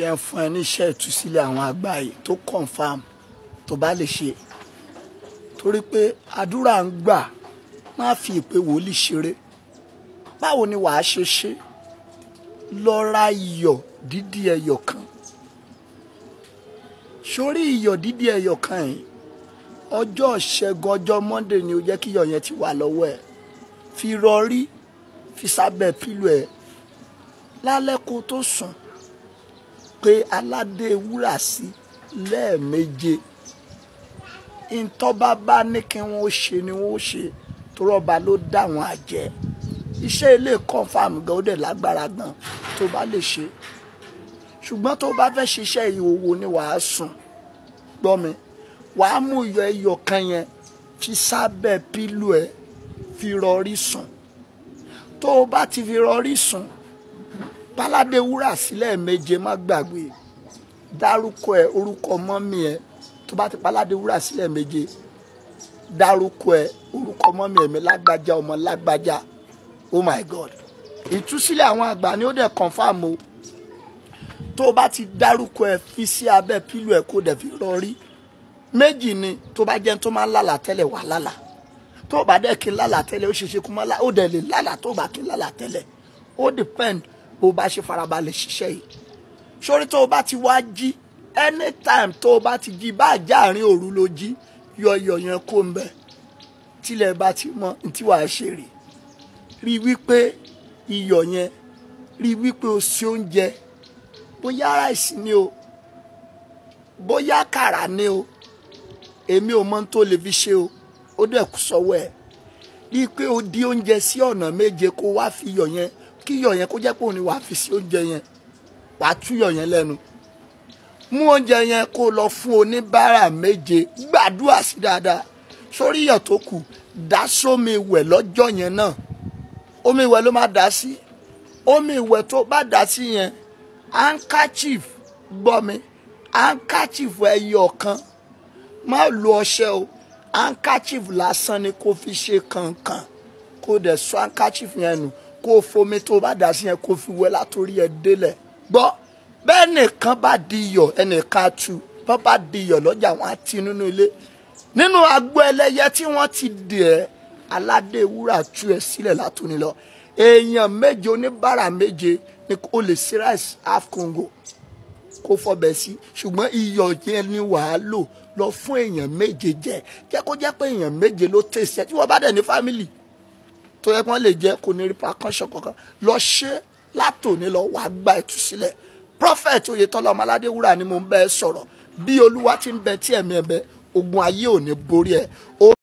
jẹ́ fún ẹ níṣẹ́ ìtúsílẹ̀ àwọn àgbà yìí tó confam tó bá lè ṣe torí pé àdúrà ń gbà má fi ìpè wòlíì ṣeré báwo ni wàá ṣe ṣe lọ iyọ̀ dídí ẹyọ kan sórí iyọ̀ dídí ẹyọ kan yìí ọjọ́ ṣẹ́gun ọjọ́ monday ni ó jẹ́ kí iyọ̀ yẹn ti wà lọ́wọ́ ẹ̀ fi rọrí fi sábẹ́ pílò ẹ̀ lálẹ́ kó tó sùn pe aládé wúrà sí lẹ́ẹ̀méje ntọ́ba bá ní kí wọ́n ṣe ni wọ́n ṣe torọ́ba ló dá wọn àjẹ́ iṣẹ́ ilé confam gan ó dẹ̀ lágbára gan tó bá lè ṣe ṣùgbọ́n tó bá fẹ́ ṣiṣẹ́ ìhòòhò ni wàá sùn gbọ́ mi wàá mú iyọ̀ ẹyọ kan yẹn fi sábẹ́ pílù ẹ̀ fi rọrí sùn tó o bá ti fi rọrí sùn páládé wúrà sílẹ̀ méje má gbàgbé dárúkọ ẹ orúkọ mọ́mí ẹ tó bá ti páládé wúrà sílẹ̀ méje dárúkọ ẹ orúkọ mọ́mí ẹ mi lágbájá ọmọ lágbájá oh my god ìtúsílẹ̀ àwọn àgbà ni ó dẹ̀ confam o tó bá ti dárúkọ ẹ fi sí abẹ́ pílù ẹ kó dẹ̀ fi rọrí méjì ni tó bá jẹ́ tó máa ń lálà tẹ́lẹ̀ wà lálà tó o bá dẹ̀ kí n lálà tẹ́lẹ̀ ó ṣeéṣe kó máa ó dẹ̀ lè lálà tó o bá kí n lálà tẹ́lẹ̀ ó depend bó bá ṣe farabalẹ̀ ṣiṣẹ́ yìí sórí tó o bá ti wá jí anytime tó o bá ti jí bá àjá àárín òru ló jí yọyọ yẹn kó ń bẹ tilẹ̀ bá ti mọ tí wàá ṣe rè rí wípé iyọ̀ yẹn rí wípé o ṣe oúnjẹ bóyá ráìsì ni o bóyá kàrà ni o èmi ò mọ ohun tó lè fi ṣe o ó dẹ̀ kú sọ́wọ́ ẹ̀ rí i pé o di oúnjẹ sí ọ̀nà méje kó wá fi iyọ̀ yẹn kí iyọ̀ yẹn kó jẹ́ pé òun ni wàá fi sí oúnjẹ yẹn wàá tú iyọ̀ yẹn lẹ́nu mú oúnjẹ yẹn kó lọ fún oníbàárà méje gbàdúrà sí dáadáa sórí iyọ̀ tó kù dá sómi ìwẹ̀ lọ́jọ́ yẹn náà omi ìwẹ̀ ló má dá sí omi ìwẹ̀ tó bá dá sí yẹn handkerchief gbọ́ mi handkerchief ẹyọ kan má lo ọṣẹ o handkerchief lásán ni kò fi ṣe kankan kó dẹ̀ sọ handkerchief yẹn nù kó o fomi tó o bá dà sí yẹn kó o fi wẹ látòrí ẹ délẹ̀ gbọ́ bẹ́ẹ̀ nìkan bá di iyọ̀ ẹnìkan tu bọ́ bá di iyọ̀ lọ́jà wọn á ti nínú ilé nínú agbo ẹlẹ́yẹ tí wọ́n ti dì ẹ́ aládé wúrà tú ẹ sílẹ̀ látòní lọ èèyàn méje oníbàárà méje ni o lè sí rice half congo kó fọbẹ̀ sí ṣùgbọ́n iyọ̀ yẹn ni wàá lò lọ fún èèyàn méje jẹ jẹ́ kó jẹ́ pé èèyàn méje ló tẹ̀sí tí wọ́n bá dẹ̀ ní fámìlì tó yẹ kí wọ́n lè jẹ́ kò ní repercussion kankan lọ ṣe látòní lọ wàá gba ìtúsílẹ̀ prophet oyetola ọmọládé wúrà ni mo ń bẹ sọ̀rọ̀ bí olúwa ti ń bẹ tí ẹ̀mí ẹ̀ bẹ ogun ayé ò ní borí ẹ̀